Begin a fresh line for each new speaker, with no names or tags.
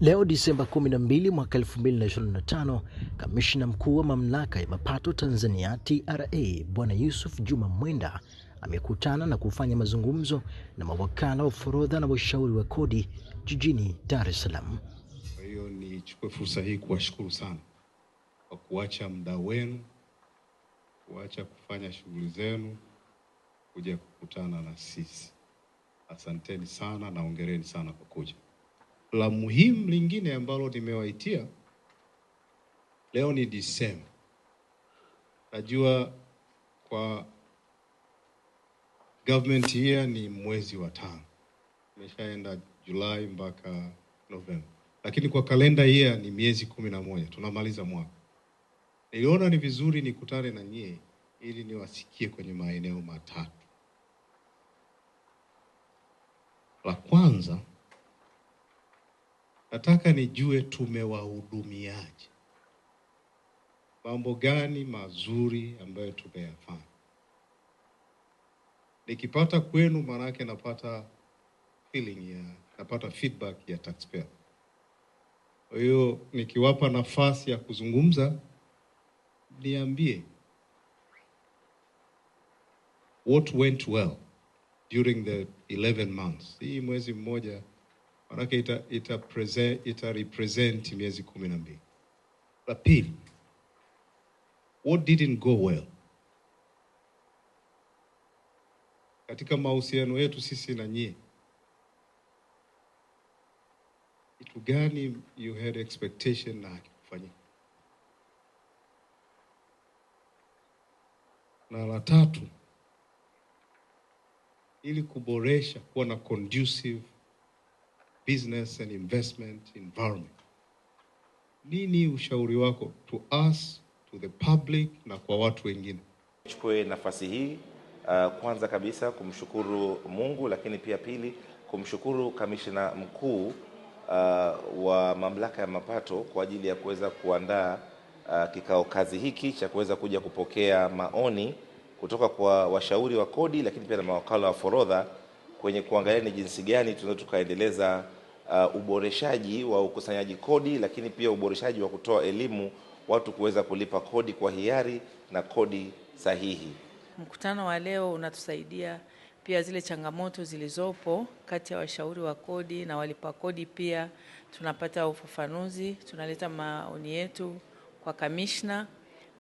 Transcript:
Leo Disemba 12 mwaka 2025, kamishna mkuu wa mamlaka ya mapato Tanzania TRA Bwana Yusuf Juma Mwenda amekutana na kufanya mazungumzo na mawakala wa forodha na washauri wa kodi jijini Dar es Salaam.
Kwa hiyo nichukue fursa hii kuwashukuru sana kwa kuacha muda wenu, kuacha kufanya shughuli zenu, kuja kukutana na sisi. Asanteni sana na ongereni sana kwa kuja la muhimu lingine ambalo nimewaitia leo ni Disemba. Najua kwa government here ni mwezi wa tano, imeshaenda Julai mpaka Novemba, lakini kwa kalenda year ni miezi kumi na moja, tunamaliza mwaka. Niliona ni vizuri nikutane na nyie ili niwasikie kwenye maeneo matatu. La kwanza Nataka nijue tumewahudumiaje, mambo gani mazuri ambayo tumeyafanya. Nikipata kwenu, maanake napata feeling ya, napata feedback ya taxpayer. Kwa hiyo nikiwapa nafasi ya kuzungumza, niambie what went well during the 11 months, hii mwezi mmoja manake ita, ita, present, ita represent miezi kumi na mbili. La pili, what didn't go well katika mahusiano yetu sisi na nyie, kitu gani you had expectation na hakikufanyika? Na la tatu, ili kuboresha kuwa na conducive business and investment environment. Nini ushauri wako to us, to the public na kwa watu wengine?
Chukue nafasi hii uh, kwanza kabisa kumshukuru Mungu, lakini pia pili kumshukuru kamishina mkuu uh, wa mamlaka ya mapato kwa ajili ya kuweza kuandaa uh, kikao kazi hiki cha kuweza kuja kupokea maoni kutoka kwa washauri wa kodi, lakini pia na mawakala wa forodha kwenye kuangalia ni jinsi gani tunaweza tukaendeleza uh, uboreshaji wa ukusanyaji kodi, lakini pia uboreshaji wa kutoa elimu watu kuweza kulipa kodi kwa hiari na kodi sahihi.
Mkutano wa leo unatusaidia pia zile changamoto zilizopo kati ya washauri wa kodi na walipa kodi, pia tunapata ufafanuzi, tunaleta maoni yetu kwa kamishna.